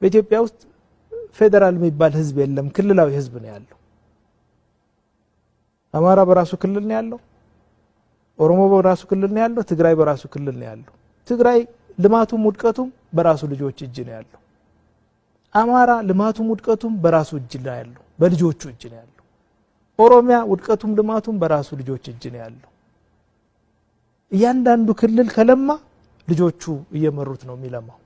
በኢትዮጵያ ውስጥ ፌዴራል የሚባል ህዝብ የለም፣ ክልላዊ ህዝብ ነው ያለው። አማራ በራሱ ክልል ነው ያለው። ኦሮሞ በራሱ ክልል ነው ያለው። ትግራይ በራሱ ክልል ነው ያለው። ትግራይ ልማቱም ውድቀቱም በራሱ ልጆች እጅ ነው ያለው። አማራ ልማቱም ውድቀቱም በራሱ እጅ ነው ያለው፣ በልጆቹ እጅ ነው ያለው። ኦሮሚያ ውድቀቱም ልማቱም በራሱ ልጆች እጅ ነው ያለው። እያንዳንዱ ክልል ከለማ ልጆቹ እየመሩት ነው የሚለማው።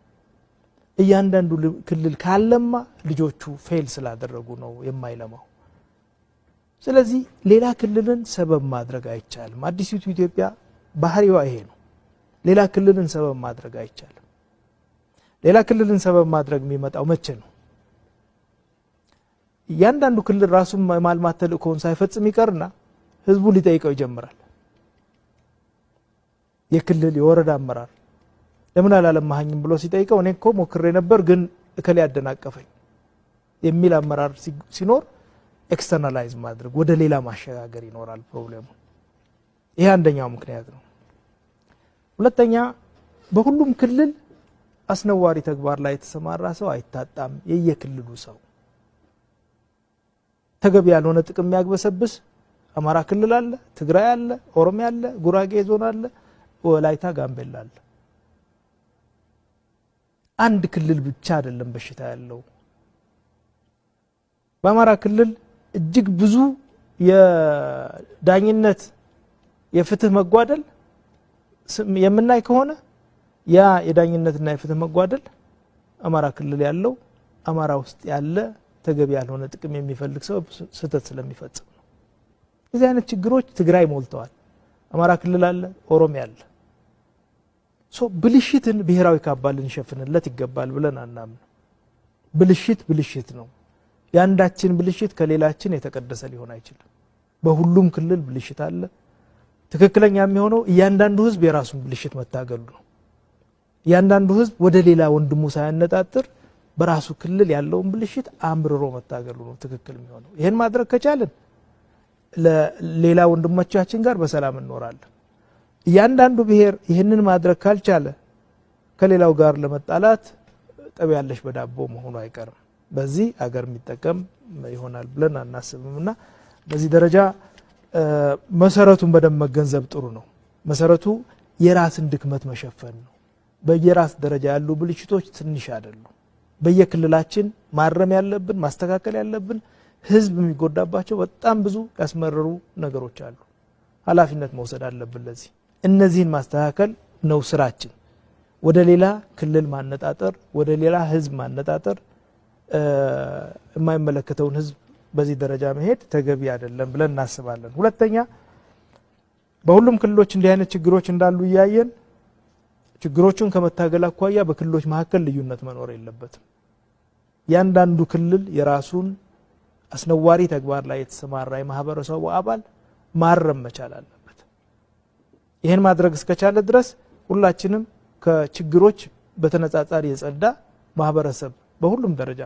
እያንዳንዱ ክልል ካለማ ልጆቹ ፌል ስላደረጉ ነው የማይለማው። ስለዚህ ሌላ ክልልን ሰበብ ማድረግ አይቻልም። አዲሲቱ ኢትዮጵያ ባህሪዋ ይሄ ነው። ሌላ ክልልን ሰበብ ማድረግ አይቻልም። ሌላ ክልልን ሰበብ ማድረግ የሚመጣው መቼ ነው? እያንዳንዱ ክልል ራሱን የማልማት ተልእኮውን ሳይፈጽም ይቀርና ህዝቡ ሊጠይቀው ይጀምራል። የክልል የወረዳ አመራር ለምን አላለማኸኝም ብሎ ሲጠይቀው እኔ እኮ ሞክሬ ነበር ግን እከሌ ያደናቀፈኝ የሚል አመራር ሲኖር ኤክስተርናላይዝ ማድረግ ወደ ሌላ ማሸጋገር ይኖራል ፕሮብሌሙ። ይሄ አንደኛው ምክንያት ነው። ሁለተኛ በሁሉም ክልል አስነዋሪ ተግባር ላይ የተሰማራ ሰው አይታጣም። የየክልሉ ሰው ተገቢ ያልሆነ ጥቅም የሚያግበሰብስ አማራ ክልል አለ፣ ትግራይ አለ፣ ኦሮሚያ አለ፣ ጉራጌ ዞን አለ፣ ወላይታ ጋምቤላ አለ። አንድ ክልል ብቻ አይደለም በሽታ ያለው። በአማራ ክልል እጅግ ብዙ የዳኝነት የፍትህ መጓደል የምናይ ከሆነ ያ የዳኝነትና የፍትህ መጓደል አማራ ክልል ያለው አማራ ውስጥ ያለ ተገቢ ያልሆነ ጥቅም የሚፈልግ ሰው ስህተት ስለሚፈጽም ነው። እዚህ አይነት ችግሮች ትግራይ ሞልተዋል። አማራ ክልል አለ፣ ኦሮሚያ አለ። ብልሽትን ብሔራዊ ካባ ልንሸፍንለት ይገባል ብለን አናምን። ብልሽት ብልሽት ነው። የአንዳችን ብልሽት ከሌላችን የተቀደሰ ሊሆን አይችልም። በሁሉም ክልል ብልሽት አለ። ትክክለኛ የሚሆነው እያንዳንዱ ህዝብ የራሱን ብልሽት መታገሉ ነው። እያንዳንዱ ህዝብ ወደ ሌላ ወንድሙ ሳያነጣጥር በራሱ ክልል ያለውን ብልሽት አምርሮ መታገሉ ነው ትክክል የሚሆነው። ይህን ማድረግ ከቻለን ለሌላ ወንድሞቻችን ጋር በሰላም እንኖራለን። እያንዳንዱ ብሔር ይህንን ማድረግ ካልቻለ ከሌላው ጋር ለመጣላት ጠብ ያለሽ በዳቦ መሆኑ አይቀርም። በዚህ አገር የሚጠቀም ይሆናል ብለን አናስብም እና በዚህ ደረጃ መሰረቱን በደንብ መገንዘብ ጥሩ ነው። መሰረቱ የራስን ድክመት መሸፈን ነው። በየራስ ደረጃ ያሉ ብልሽቶች ትንሽ አይደሉ። በየክልላችን ማረም ያለብን ማስተካከል ያለብን ህዝብ የሚጎዳባቸው በጣም ብዙ ያስመረሩ ነገሮች አሉ። ኃላፊነት መውሰድ አለብን ለዚህ እነዚህን ማስተካከል ነው ስራችን። ወደ ሌላ ክልል ማነጣጠር፣ ወደ ሌላ ህዝብ ማነጣጠር፣ የማይመለከተውን ህዝብ በዚህ ደረጃ መሄድ ተገቢ አይደለም ብለን እናስባለን። ሁለተኛ በሁሉም ክልሎች እንዲህ አይነት ችግሮች እንዳሉ እያየን ችግሮቹን ከመታገል አኳያ በክልሎች መካከል ልዩነት መኖር የለበትም። ያንዳንዱ ክልል የራሱን አስነዋሪ ተግባር ላይ የተሰማራ የማህበረሰቡ አባል ማረም መቻል አለ። ይህን ማድረግ እስከቻለ ድረስ ሁላችንም ከችግሮች በተነጻጻሪ የጸዳ ማህበረሰብ በሁሉም ደረጃ